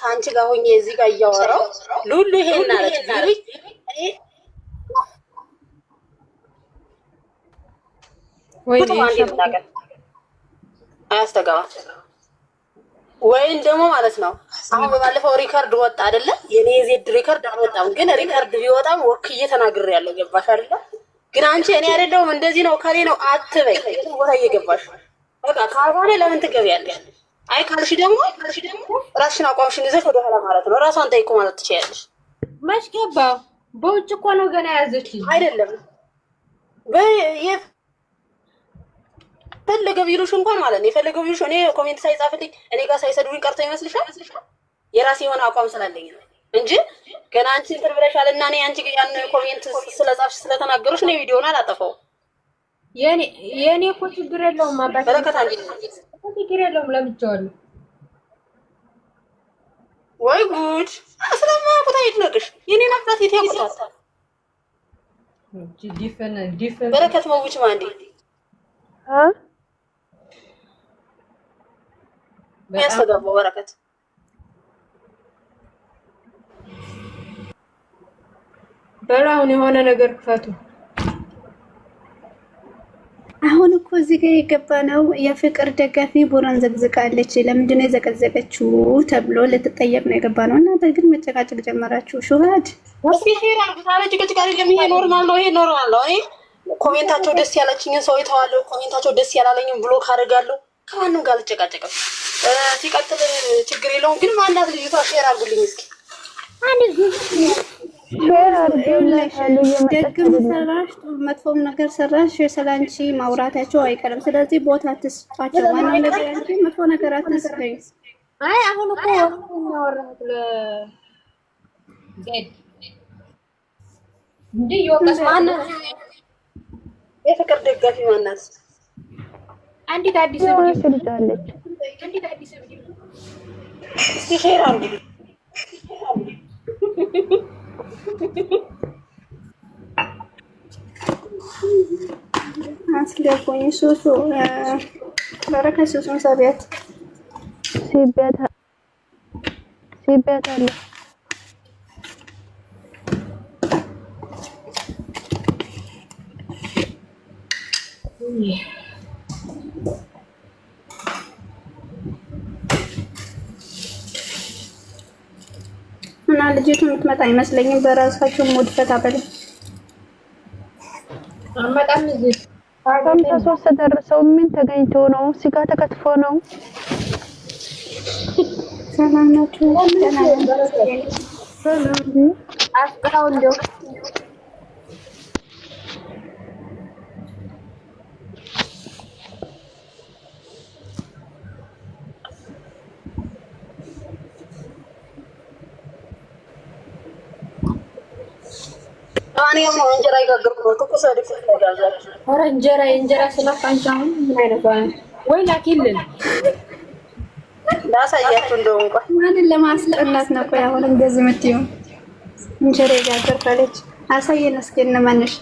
ከአንቺ ጋር ሆኜ እዚህ ጋር እያወራሁ ሉሉ ይሄን አለች አያስተጋባም ወይም ደግሞ ማለት ነው። አሁን በባለፈው ሪከርድ ወጣ አይደለ? የኔ የዜድ ሪከርድ አልወጣም፣ ግን ሪከርድ ቢወጣም ወክዬ ተናግሬ ያለው ገባሽ አይደለ? ግን አንቺ እኔ አይደለሁም እንደዚህ ነው ከሌ ነው አትበይ። ቦታ እየገባሽ በቃ ካልሆነ ለምን ትገቢያለሽ? አይ ካልሽ ደግሞ ካልሽ ደግሞ ራስሽን አቋምሽን ይዘሽ ወደ ኋላ ማለት ነው። ራሷን ጠይቁ ማለት ትችያለሽ። መች ገባ? በውጭ እኮ ነው ገና ያዘች አይደለም። የፈለገ ቢሉሽ እንኳን ማለት ነው የፈለገ ቢሉሽ እኔ ኮሜንት ሳይጻፍልኝ እኔ ጋር ሳይሰድቡኝ ቀርቶ ይመስልሻል? የራሴ የሆነ አቋም ስላለኝ ነው እንጂ ገና አንቺ እንትን ብለሻል እና እኔ አንቺ ያን ኮሜንት ስለጻፍሽ ስለተናገሩሽ እኔ ቪዲዮውን አላጠፋውም። የእኔ እኮ ችግር የለውም አባቴ፣ ችግር የለውም ለምቼዋለሁ። ወይ ጉድ! ስለማያውቁት የት ያውቁታል? በረከት በረከት በላሁን የሆነ ነገር ክፈቱ አሁን እኮ እዚህ ጋር የገባ ነው። የፍቅር ደጋፊ ቦራን ዘግዝቃለች፣ ለምንድን ነው የዘቀዘቀችው ተብሎ ልትጠየቅ ነው የገባ ነው። እናንተ ግን መጨቃጨቅ ጀመራችሁ። ሹሃድ ይሄ ኖርማል ነው። ይሄ ኖርማል ነው። ኮሜንታቸው ደስ ያላችኝን ሰው ይተዋለሁ፣ ኮሜንታቸው ደስ ያላለኝም ብሎ ካደርጋለሁ። ከማንም ጋር አልጨቃጨቅም። ሲቀጥል ችግር የለውም። ግን ማናት ልጅቷ ሼር አርጉልኝ እስኪ ደግም ሰራሽ መጥፎም ነገር ሰራሽ ስላንቺ ማውራታቸው አይቀርም። ስለዚህ ቦታ አትስጧቸው። ዋናው ነገር አንቺ መጥፎ ነገር አትስፈኝ። አይ አሁን እኮ እናወራሁት የፍቅር ደጋፊ ማናት? አንዲት አዲስ ልጃለች። አንዲት አዲስ ልጅ እስኪ ሼር አስገቡኝ። ሱሱ በረከት ሱሱን ሰቢያት ሲቢያት አለ እና ልጅቱ የምትመጣ አይመስለኝም። በራሳቸው ሞድ ፈታ በለ ተደርሰው ምን ተገኝቶ ነው? ስጋ ተከትፎ ነው። ሰላም ናችሁ? እንጀራ እንጀራ የእንጀራ ስላት አንቺ አሁን ምን አይነት ወይ ላኪልን ላሳያችሁ። እንደው ማንን ለማስጠላት ነው? ቆይ አሁን እንደዚህ የምትይው እንጀራ የጋገርኩ አለች። አሳየን እስኪ እንመንሽ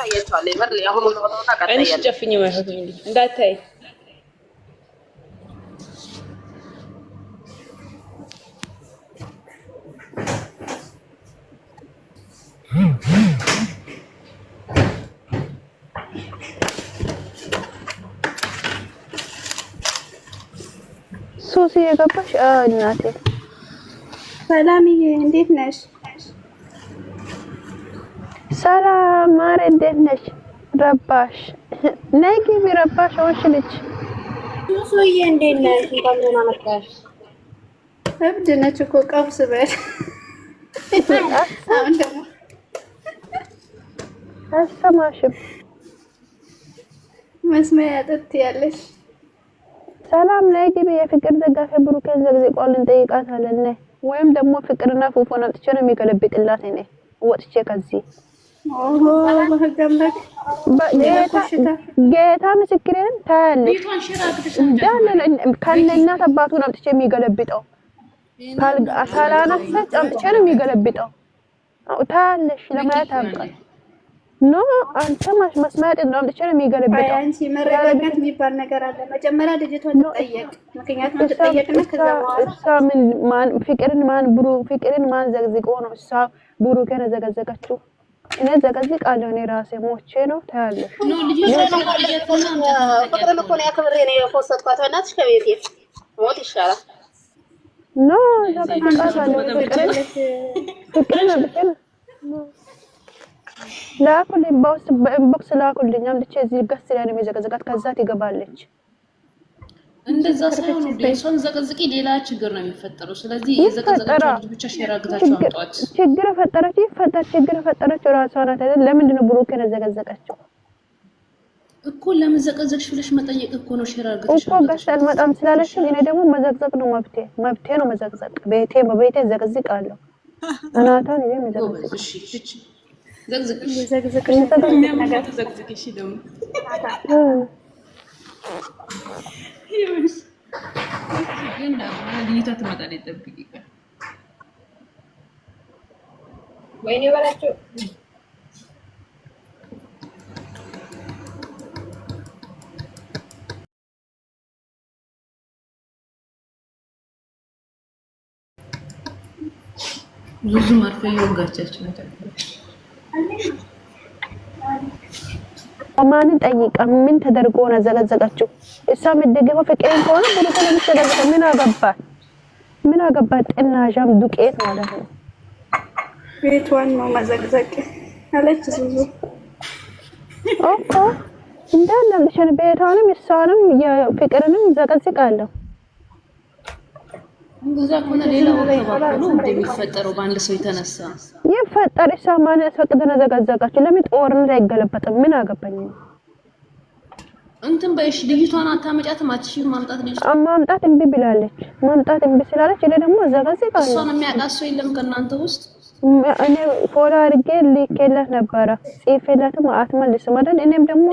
አሳያችኋለሁ። ይመር ያሁን ነው ታቃጣያለሽ። እንዳታይ ሶሲ የገባሽ? አዎ እናቴ። ሰላምዬ እንዴት ነሽ? ሰላም ማር እንዴት ነሽ? ረባሽ ነይ ግቢ ረባሽ ሆንሽ ልጅ ሶሶዬ እንዴት ነሽ? እንኳን ደህና መጣሽ። እብድ ነች እኮ ቀውስ በል። አሁን ደግሞ አሰማሽም መስማያ ጥት ያለሽ ሰላም ላይ ግቢ የፍቅር ደጋፊ ብሩኬ ዘግዝቋል። እንጠይቃታለን ወይም ደግሞ ፍቅርና ፉፉን አምጥቼ ነው የሚገለብጥላት። እኔ ወጥቼ ከዚህ ጌታ ምስክሬን ታያለሽ። ከእነ እናት አባቱን አምጥቼ የሚገለብጠው ካላነሳች አምጥቼ ነው የሚገለብጠው። ታያለሽ ለማየት አብቃል ኖ አንተ ማስማት ነው አምጥቼ ነው የሚገለብጠው። አንቺ መረጋጋት የሚባል ነገር አለ። መጀመሪያ ልጅቷን ትጠየቅ፣ ምክንያቱም ትጠየቅና ከዛ በኋላ ምን ማን ፍቅርን ማን ብሩ ፍቅርን ማን ዘግዝቆ ነው እሷ ብሩ ከነ ዘገዘቀችው። እኔ ዘገዝቃለሁ እኔ ራሴ ሞቼ ነው ታያለሽ። ኖ ልጅቷ ነው ፍቅርን እኮ ነው ያከብሬ ነው የፖስተኳት እናትሽ ከቤቴ ሞት ይሻላል። ኖ ዘገዝቃለሁ ፍቅርን ፍቅርን ነው ላኩልኝ፣ በኢንቦክስ ላኩልኝ። አምጥቼ እዚህ ገስ ላይ ነው የሚዘቀዘቃት። ከዛ ትገባለች። እንደዛ ሳይሆን እሷን ዘቀዝቂ፣ ሌላ ችግር ነው የሚፈጠረው። ስለዚህ የዘቀዘቀች ብቻ አምጧት። ችግር ፈጠረች፣ ይፈጠር። ችግር ፈጠረችው ራሷ ናት። ለምንድን ነው ብሩኬን ዘቀዘቀችው? እኮ ለምን ዘቀዘቅሽ ብለሽ መጠየቅ እኮ ነው። እኮ ጋሽ አልመጣም ስላለሽ እኔ ደግሞ መዘቅዘቅ ነው መብቴ፣ መብቴ ነው መዘቅዘቅ። ቤቴ በቤቴ እናቷን ወይኔ በላቸው። ብዙ መርፌ የወጋቻቸው ማንን ጠይቃ ምን ተደርጎ ነው ዘቀዘቀችው? እሷ የምትደግፈው ፍቅሬን ከሆነ ወደ ስለምትደግፈው ምን አገባት? ምን አገባት? ጥናሻም ዱቄት ማለት ነው። ቤቷን ነው መዘቅዘቅ አለች ሱዙ ኦኮ እንዳለ ቤቷንም እሷንም የፍቅርንም ዘቀዝቃለሁ እንደዛ ከሆነ ሌላ ወጥተባሉ እንደሚፈጠረው በአንድ ሰው የተነሳ ይፈጠር ይሳ ማን ያስፈቅደ ለምን ጦርነት አይገለበጥም? ምን አገባኝ እንትን በይሽ። ልጅቷን አታመጫትም? አትሽም ማምጣት ልጅ ማምጣት እምቢ ብላለች። ማምጣት እምቢ ስላለች እኔ ደግሞ አዘጋዘጋለሁ። እሷን የሚያውቃት ሰው የለም ከእናንተ ውስጥ? እኔ ፎሎ አድርጌ ልኬላት ነበረ ጽፌላትም አትመልስም አይደል? እኔም ደግሞ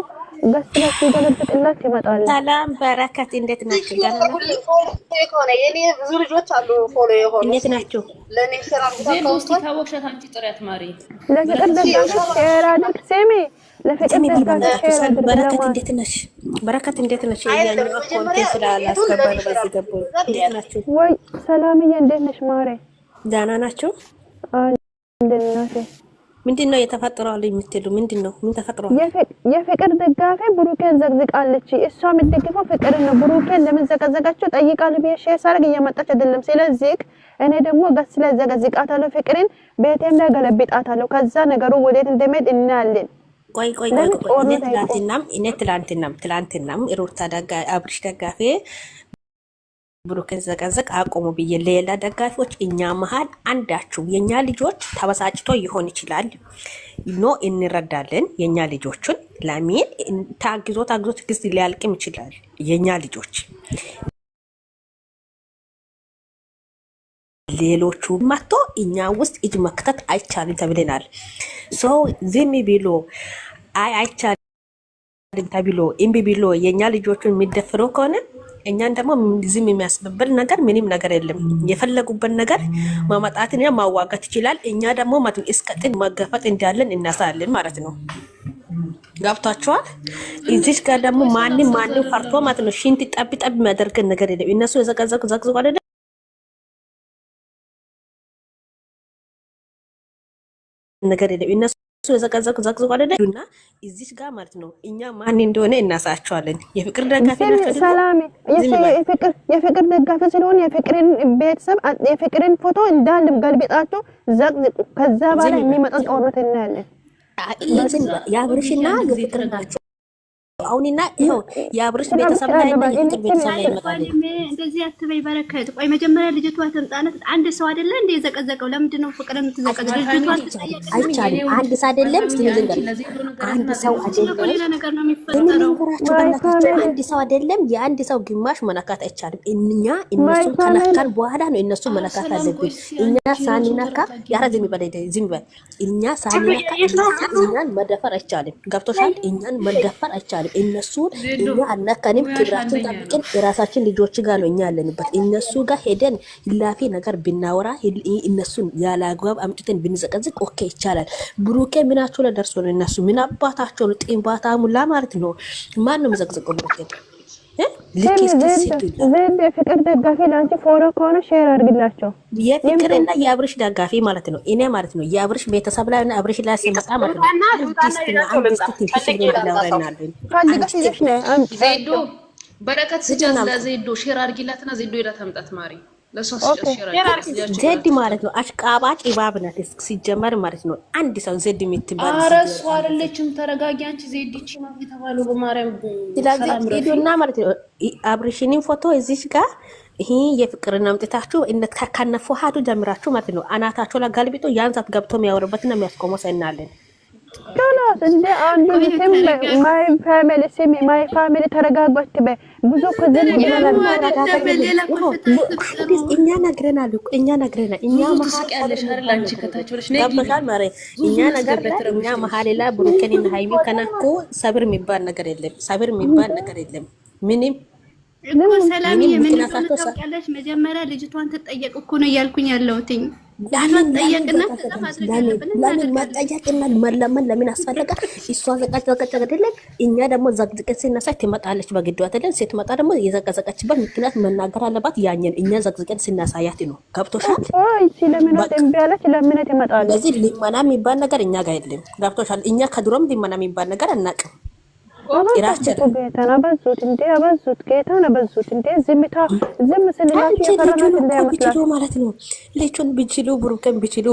በስ በስ ይገለብጥላት ይመጣል። ሰላም በረከት፣ እንዴት ናቸው ሆነ የኔ ብዙ ልጆች አሉ ፎሎ የሆኑ እንዴት ናችሁ? ለእኔ ስራ አንቺ ጥረት ማሪ ለፍቅር ሼር አድርግ። ስሚ በረከት እንዴት ነሽ? በረከት ሰላምዬ እንዴት ነሽ? ማሬ ደህና ናችሁ? ምንድን ነው የተፈጠረው? የምትሉ ምንድን ነው? ምን ተፈጥሯል? የፍቅር ደጋፊ ብሩኬን ዘግዝቃለች። እሷ የምትደግፈው ፍቅርን ነው። ብሩኬን ለምን ዘቀዘቃቸው ጠይቃለሁ ብዬ ሼር ሳደርግ አይደለም። ስለዚህ እኔ ደግሞ ገስ ላይ ዘቀዝቃታለሁ፣ ፍቅርን ቤቴም ላይ ገለብጣታለሁ። ከዛ ነገሩ ወዴት እንደሚሄድ እናያለን። ቆይ ቆይ ቆይ፣ እኔ ትላንትናም ትላንትናም ትላንትናም ሩታ አብርሽ ደጋፊ ብሩክን ዘቀዘቅ አቆሙ ብዬ ለሌላ ደጋፊዎች እኛ መሀል አንዳችሁ የእኛ ልጆች ተበሳጭቶ ይሆን ይችላል። ኖ እንረዳለን። የእኛ ልጆቹን ለሚን ታግዞ ታግዞ ትግስት ሊያልቅም ይችላል። የእኛ ልጆች ሌሎቹ መጥቶ እኛ ውስጥ እጅ መክተት አይቻልም ተብለናል። ሰው ዝም ቢሎ አይ አይቻልም ተብሎ እምቢ ቢሎ የእኛ ልጆቹን የሚደፍረው ከሆነ እኛን ደግሞ ዝም የሚያስብብል ነገር ምንም ነገር የለም። የፈለጉበት ነገር ያ ማዋጋት ይችላል። እኛ ደግሞ እስከ ጥግ መገፈጥ እንዳለን እናሳለን ማለት ነው። ገብቷቸዋል። እዚች ጋር ደግሞ ማንም ማንም ፈርቶ ማለት ነው። ሽንት ጠብ ጠብ የሚያደርገን ነገር የለም። እነሱ የዘቀዘቁ ዘቅዝቁ አለ ነገር የለም እነሱ ስለዘቀዘቁ ዘቅዘቁ አደለ እና እዚች ጋር ማለት ነው። እኛ ማን እንደሆነ እናሳቸዋለን። የፍቅር ደጋፊ ሰላም የፍቅር ደጋፊ ስለሆነ የፍቅርን ቤተሰብ የፍቅርን ፎቶ እንዳል ገልብጣቸው ዘቅዝቁ። ከዛ በኋላ የሚመጣ ጦርነት እናያለን። የአብርሽና የፍቅር ናቸው። አሁንና ይኸው የአብርሽ ቤተሰብ ላይ እና የፍቅር ቤተሰብ ላይ ይመጣሉ። እንደዚህ አትበይ በረከት። ቆይ መጀመሪያ ልጅቷ ትምጣነት። አንድ ሰው አይደለ እንደ የዘቀዘቀው ለምንድን ነው ፍቅር የምትዘቀዘ? አይቻልም። አንድ ሰው አይደለም ስ አንድ ሰው አይደለም አንድ ሰው አይደለም የአንድ ሰው ግማሽ መነካት አይቻልም። እኛ እነሱ ከነካን በኋላ ነው እነሱ መነካት አለብን። እኛ ሳንነካ ያረ ዝም በል ዝም በል። እኛ ሳንነካ እኛን መደፈር አይቻልም። ገብቶሻል? እኛን መደፈር አይቻልም። አይባልም። እነሱን እኛ አናካንም። ክብራችን ጠብቅን። የራሳችን ልጆች ጋር ነው እኛ ያለንበት። እነሱ ጋር ሄደን ላፊ ነገር ብናወራ እነሱን ያለ አምጥተን ብንዘቀዝቅ ኦኬ ይቻላል። ብሩኬ ምናቸው ለደርሶ ነው እነሱ ምን አባታቸው ነው ጢንባታሙ ላ ማለት ነው። ማን ነው ዘቅዝቀው ብሩኬ ዘንድ የፍቅር ደጋፊ ለአንቺ ፎሎ ከሆነ ሼር አድርግላቸው። የፍቅርና የአብርሽ ደጋፊ ማለት ነው። እኔ ማለት ነው የአብርሽ ቤተሰብ ላይ አብርሽ ላይ ሲመጣ ማለት ነው በረከት ስጫ ዜዶ ሼር አድርጊላትና ዜዶ ሄዳ ታምጣት ማሪ ዘድ ማለት ነው። አሽቃባጭ እባብ ናት ሲጀመር ማለት ነው። አንድ ሰው ዘድ የምትባል ኧረ እሷ አይደለችም። ተረጋጊ አንቺ። ዘድ ነው የተባለው በማርያም ስለዚህ ሂዱና ማለት ነው። አብርሽንን ፎቶ እዚች ጋር ይሄ የፍቅርን አምጥታችሁ ከነፎ ሀዱ ጀምራችሁ ማለት ነው። አናታችሁ ላይ ገልብጦ ያን ገብቶ የሚያወርበትና የሚያስቆመው ሰናለን ከላስ እንደ አንዱ ስም ማይ ፋሚሊ ስም ማይ ፋሚሊ ተረጋጉ አትበይ። ብዙ እኛ ነግረናል እኮ እኛ ነግረናል። እኛ መሀል ላይ ብሩኬንና ሃይሚ ከነኩ ሰብር የሚባል ነገር የለም። ሰብር የሚባል ነገር የለም። ምንም ሰላም የምንቀለሽ መጀመሪያ ልጅቷን ትጠየቅ እኮ ነው እያልኩኝ ያለሁትኝ ለምን መጠየቅና መለመን ለምን አስፈለገ? እሷ ዘቀዘቀች አይደለም? እኛ ደግሞ ዘቅዝቀን ስናሳይ ትመጣለች በግዷ አይደለም? ስትመጣ ደግሞ የዘቀዘቀችበት ምክንያት መናገር አለባት። ያኛን እኛ ዘቅዝቀን ስናሳያት ነው። ገብቶሻል? ስለዚህ ልመና የሚባል ነገር እኛ ጋር የለም። ገብቶሻል? እኛ ከድሮም ልመና የሚባል ነገር አናውቅም። ጭራችን ጌታን አበዙት እንዴ! አበዙት ጌታን አበዙት እንዴ! ዝምታ ዝም ስንላችሁ ማለት ነው። ልጁን ቢችሉ ብሩከን ቢችሉ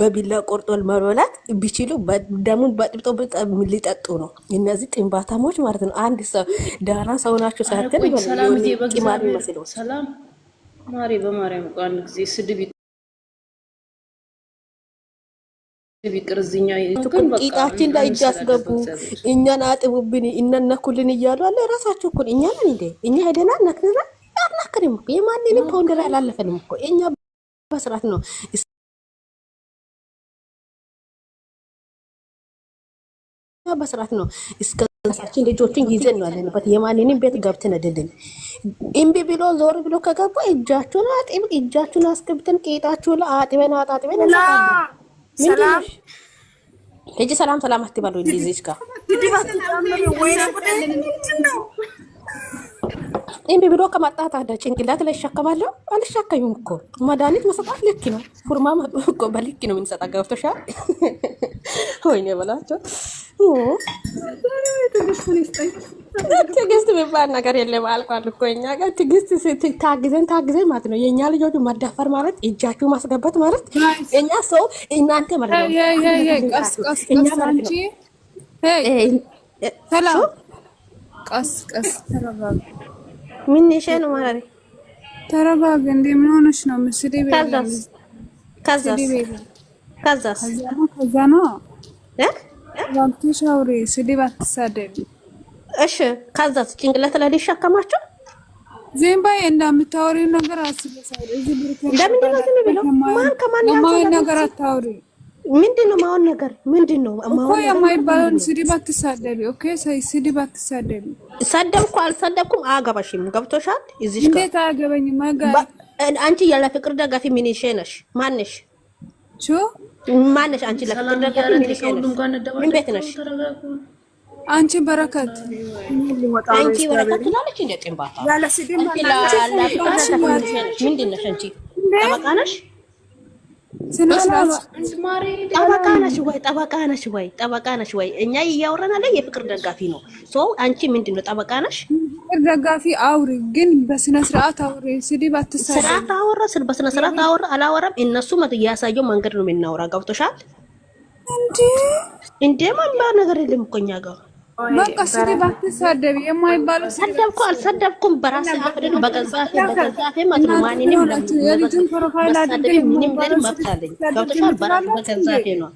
በቢላ ቆርጦል መበላት ቢችሉ ደሙን በጥብጦ ሊጠጡ ነው። እነዚህ ጥንባታሞች ማለት ነው። አንድ ሰው ዳራ ሰው ናቸው ሳያትን ማሪ በማርያም አንድ ጊዜ ስድብ ቂጣችን እንዳ እጅ አስገቡ እኛን አጥቡብን እነነኩልን እያሉ አለ ራሳቸው እኮ እኛ ነን እንዴ? እኛ ሄደና ነክንና አናክንም እኮ የማንንም ፓውንደር አላለፈንም እኮ እኛ በስርዓት ነው። በስርዓት ነው እስከ ራሳችን ልጆችን ይዘን ነው ያለንበት። የማንንም ቤት ገብተን አይደለም። እምቢ ብሎ ዞር ብሎ ከገባ እጃችሁን አጥብ እጃችሁን አስገብተን ቂጣችሁ አጥበን አጣጥበን ሰላም ልጅ ሰላም ሰላም አትበሉ። እንደዚህ ጋር እምቢ ብሎ ከመጣት አደ ጭንቅላት ላይ ይሸከማለሁ። አልሻከዩም እኮ መድኃኒት መሰጣት ልክ ነው። ፉርማ እኮ በልክ ነው የምንሰጣ። ገብቶሻል? ወይኔ በላቸው። ትግስት የሚባል ነገር የለም። አልቋል እኮ እኛ ጋር ትግስት። ታግዘን ታግዘን ማለት ነው የእኛ ልጆች። መዳፈር ማለት እጃችሁ ማስገባት ማለት እኛ ሰው እናንተ ማለት ነው ቀስ ቀስ ምን ይሸን ወራሪ ተረጋጋ። እንዴ ምን ሆነሽ ነው? ምስሪ ቤት ከዛስ ጭንቅላት ላይ ይሸከማቸው ዜምባ እንደምታወሪው ነገር አስበሳል። እዚህ ብሩክ ማን ከማን ነገር አታውሪ ምንድን ነው ማሆን ነገር ምንድን ነው እኮ የማይባለውን ስድብ አትሳደቢ። ኦኬ ስድብ አትሳደቢ። ሰደብኩ አልሰደብኩም አያገባሽም። ገብቶሻል? እንዴት አያገበኝም? አንቺ ያለ ፍቅር ደጋፊ ሚኒሼ ነሽ። ማንሽ ማንሽ? አንቺ ለፍቅር ደጋፊ ሚኒሼ ነሽ። ምን ቤት ነሽ አንቺ በረከት አንቺ በረከት ትላለች። እንደ ጥንባታ ያለ ስድብ ምንድን ነሽ አንቺ? ጠበቃ ነሽ ጠበቃ ነሽ ወይ? ጠበቃ ነሽ ወይ? ጠበቃ ነሽ ወይ? እኛ እያወራን የፍቅር ደጋፊ ነው። አንቺ ምንድን ነው? ጠበቃ ነሽ? ፍቅር ደጋፊ አውሪ፣ ግን በስነ ስርዓት አውሪ። ስድብ አትሳደብ። ስርዓት አወራ፣ በስነ ስርዓት አወራ። አላወራም እነሱ ያሳየው መንገድ ነው የምናወራ። ገብቶሻል እንዴ? እንዴ ማን ነገር የለም እኮ እኛ ጋር በቃ ስሪ ባትሳደብ የማይባለው ሰደብኩ አልሰደብኩም በራሴ አፍድን በገዛፌ በገዛፌ ማለት ነው። ማንንም የልጁን ፕሮፋይል አድርገን ምንም ምንም አታለኝ ገብቶሻል። በገዛፌ ነው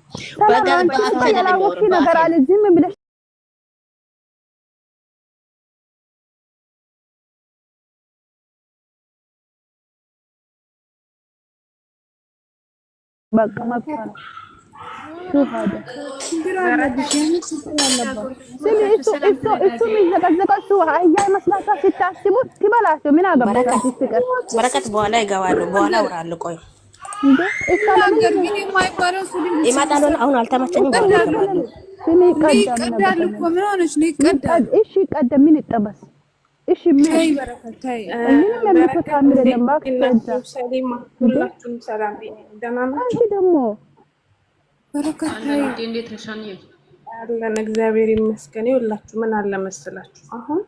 በገዛፌ ነገር አለ ዝም ብለሽ በቃ መብቷ እሱም ይዘቀዘቃችሁ በረከት በኋላ ይገባሉ። በኋላ አወራለሁ። ቆይ ይመጣሉ። አሁን አልተመቸኝም። ይቀደም። ምን ይጠበስ? እሺ ምንም ደግሞ በረከት አለን። እግዚአብሔር ይመስገን። ይኸውላችሁ ምን አለ መሰላችሁ አሁን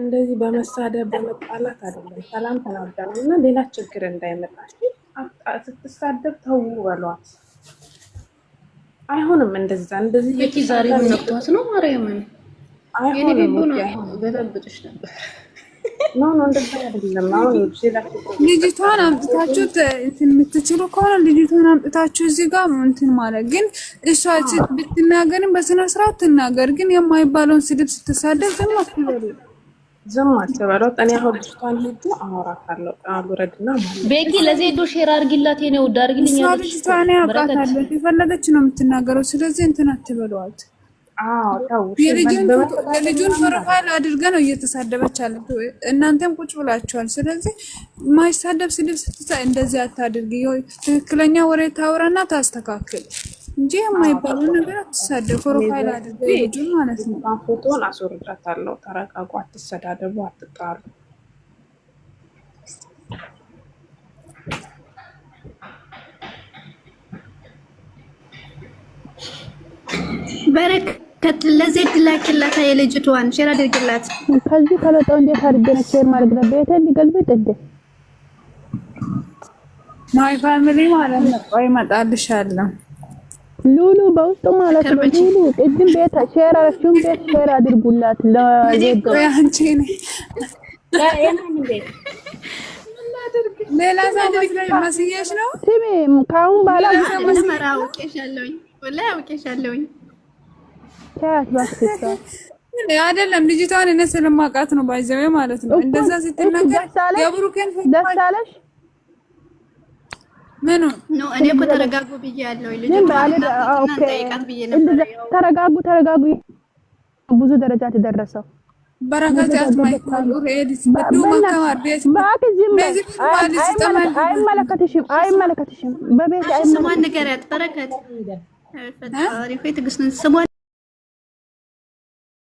እንደዚህ በመሳደብ በመጣላት አይደለም ሰላም ተናጋሉ እና ሌላ ችግር እንዳይመጣችሁ ስትሳደብ ተው በሏት። አይሆንም እንደዛ እንደዚህ ዛሬ ነው ማርያምን የኔ ነበር ልጅቷን አምጥታችሁ እንትን የምትችሉ ከሆነ ልጅቷን አምጥታችሁ እዚህ ጋር እንትን ማለት ግን እሷ ብትናገርም በስነ ስርዓት ትናገር። ግን የማይባለውን ስድብ ስትሳደብ ዝም አትበሉ፣ ዝም አትበሉ። ጠኔ ያው ልጅቷን ሄዱ አወራታለሁ። አጉረድና ቤኪ ለዜዶ ሼር አርጊላት፣ ኔ ውድ አርጊልኛ። ልጅቷ እኔ አውቃታለሁ፣ የፈለገች ነው የምትናገረው። ስለዚህ እንትን አትበሏት። የልጁን ፕሮፋይል አድርገ ነው እየተሳደበች አለ። እናንተም ቁጭ ብላችኋል። ስለዚህ ማይሳደብ ስድብ ስትሳ እንደዚህ አታድርግ። ትክክለኛ ወሬ ታውራና ታስተካክል እንጂ የማይባሉ ነገር አትሳደብ። ፕሮፋይል አድርገ ልጁን ማለት ነው። ፎቶን አስወርዳታለሁ። ተረጋጉ፣ አትሰዳደቡ፣ አትጣሩ። በረክ ለዜድ ላኪላት የልጅቷን ሼር አድርግላት። ከዚህ ከለጣው እንዴት አድርገን ሼር ማድረግ ነበር? ቤተን ሊገልብጥ እንደ ማይ ፋሚሊ ማለት ነው። ቆይ እመጣልሻለሁ። ሉሉ በውስጡ ማለት ነው። ሉሉ ቅድም ቤት ሼር አረፍሽም ቤት ሼር አድርጉላት ለዜድ ሰው ነው። ስሚ ከአሁን በኋላ አውቄሻለሁኝ አይደለም ልጅቷን እኔ ስለማውቃት ነው ባይዘው ማለት ነው። እንደዛ ስትናገር የብሩኬን ደሳለሽ ምኑ ነው? እኔ እኮ ተረጋጉ ብዬ ያለው ተረጋጉ ተረጋጉ። ብዙ ደረጃ ተደረሰው አይመለከትሽም፣ አይመለከትሽም በቤት ስሟን ንገሪያት በረከት። ትዕግስትን ስሟን